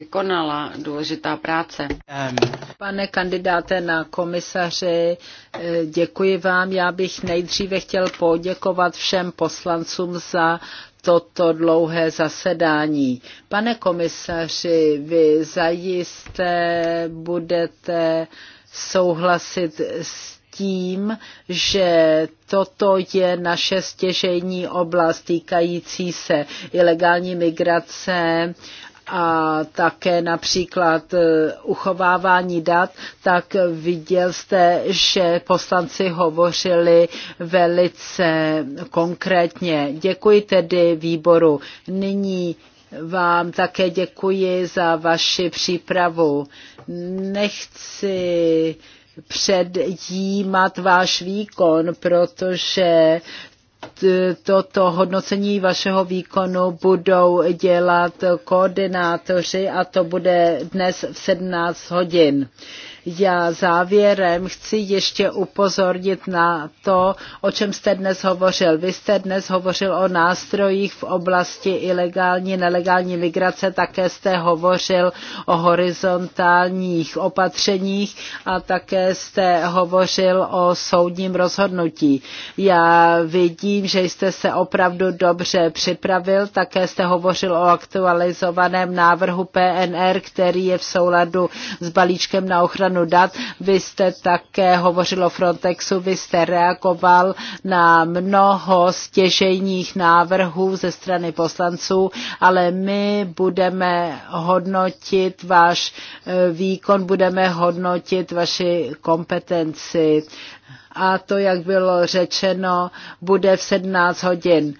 vykonala důležitá práce. Pane kandidáte na komisaři, eh, děkuji vám. Já bych nejdříve chtěl poděkovat všem poslancům za toto dlouhé zasedání. Pane komisaři, vy zajisté budete souhlasit s tím, že toto je naše stěžejní oblast týkající se ilegální migrace a také například e, uchovávání dat, tak viděl jste, že poslanci hovořili velice konkrétně. Děkuji tedy výboru. Nyní vám také děkuji za vaši přípravu. Nechci předjímat váš výkon, protože toto hodnocení vašeho výkonu budou dělat koordinátoři a to bude dnes v 17 hodin. Já závěrem chci ještě upozornit na to, o čem jste dnes hovořil. Vy jste dnes hovořil o nástrojích v oblasti ilegální, nelegální migrace, také jste hovořil o horizontálních opatřeních a také jste hovořil o soudním rozhodnutí. Já vidím, že jste se opravdu dobře připravil, také jste hovořil o aktualizovaném návrhu PNR, který je v souladu s balíčkem na ochranu ochranu dat. Vy jste také hovořil o Frontexu, vy jste reagoval na mnoho stěžejních návrhů ze strany poslanců, ale my budeme hodnotit váš eh, výkon, budeme hodnotit vaši kompetenci. A to, jak bylo řečeno, bude v 17 hodin.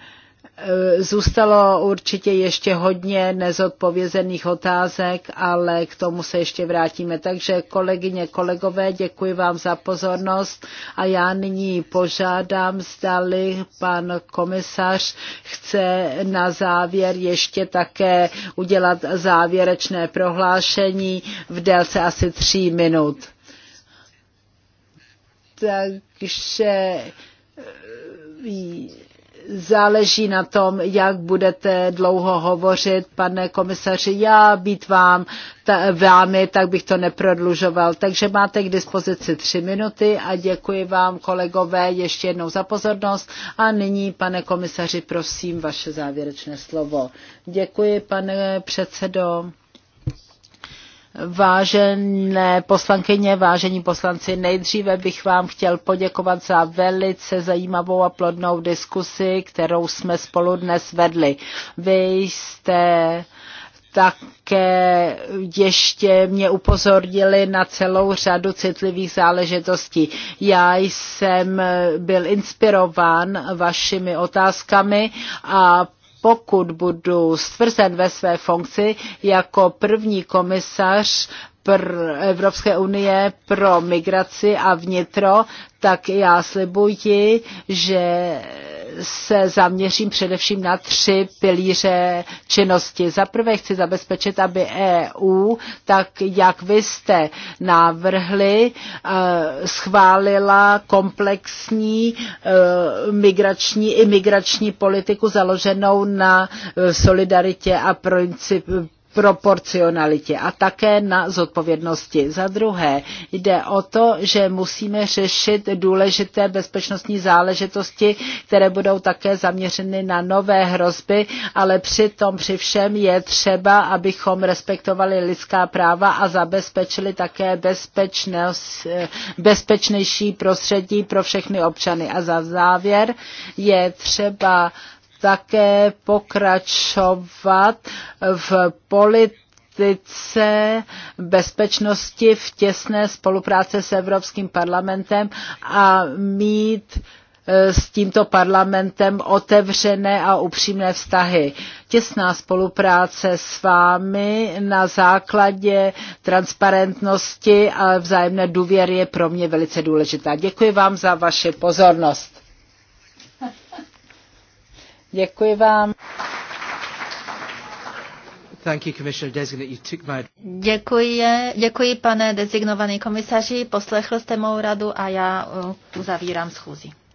Eh, zůstalo určitě ještě hodně nezodpovězených otázek, ale k tomu se ještě vrátíme. Takže kolegyně, kolegové, děkuji vám za pozornost a já nyní požádám, zdali pan komisař chce na závěr ještě také udělat závěrečné prohlášení v délce asi tří minut. Takže eh, záleží na tom, jak budete dlouho hovořit, pane komisaři. Já být vám, ta, vámi, tak bych to neprodlužoval. Takže máte k dispozici tři minuty a děkuji vám, kolegové, ještě jednou za pozornost. A nyní, pane komisaři, prosím, vaše závěrečné slovo. Děkuji, pane předsedo. Vážené poslankyně, vážení poslanci, nejdříve bych vám chtěl poděkovat za velice zajímavou a plodnou diskusi, kterou jsme spolu dnes vedli. Vy jste také ještě mě upozornili na celou řadu citlivých záležitostí. Já jsem byl inspirován vašimi otázkami a pokud budu stvrzen ve své funkci jako první komisař pr- Evropské unie pro migraci a vnitro, tak já slibuji, že se zaměřím především na tři pilíře činnosti. Za prvé chci zabezpečit, aby EU, tak jak vy jste návrhli, eh, schválila komplexní eh, migrační, imigrační politiku založenou na eh, solidaritě a principu proporcionalitě a také na zodpovědnosti. Za druhé jde o to, že musíme řešit důležité bezpečnostní záležitosti, které budou také zaměřeny na nové hrozby, ale přitom při všem je třeba, abychom respektovali lidská práva a zabezpečili také bezpečnější prostředí pro všechny občany. A za závěr je třeba také pokračovat v politice bezpečnosti v těsné spolupráce s Evropským parlamentem a mít eh, s tímto parlamentem otevřené a upřímné vztahy. Těsná spolupráce s vámi na základě transparentnosti a vzájemné důvěry je pro mě velice důležitá. Děkuji vám za vaši pozornost. Děkuji vám. Děkuji, děkuji, pane designovaný komisaři, poslechl jste mou radu a já eh, uzavírám schůzi.